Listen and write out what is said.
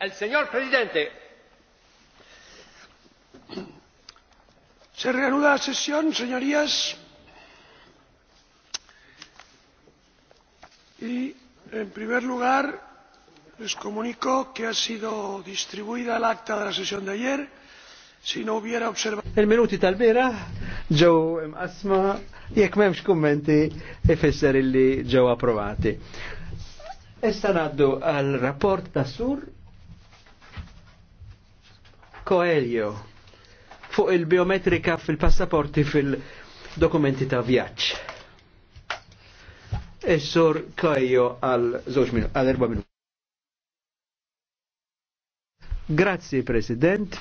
El señor presidente. Se reanuda la sesión, señorías. Y, en primer lugar, les comunico que ha sido distribuida el acta de la sesión de ayer. Si no hubiera observado. El minuti tal-bira ġew imqasma jekk m'hemmx kummenti ifisser illi ġew approvati. Issa ngħaddu għal rapport tas sur Coelho fuq il-biometrika fil-passaporti fil-dokumenti ta' vjaġġ. Is-sur e Coelho għal żewġ minuti għal erba' minuti. Grazzi President,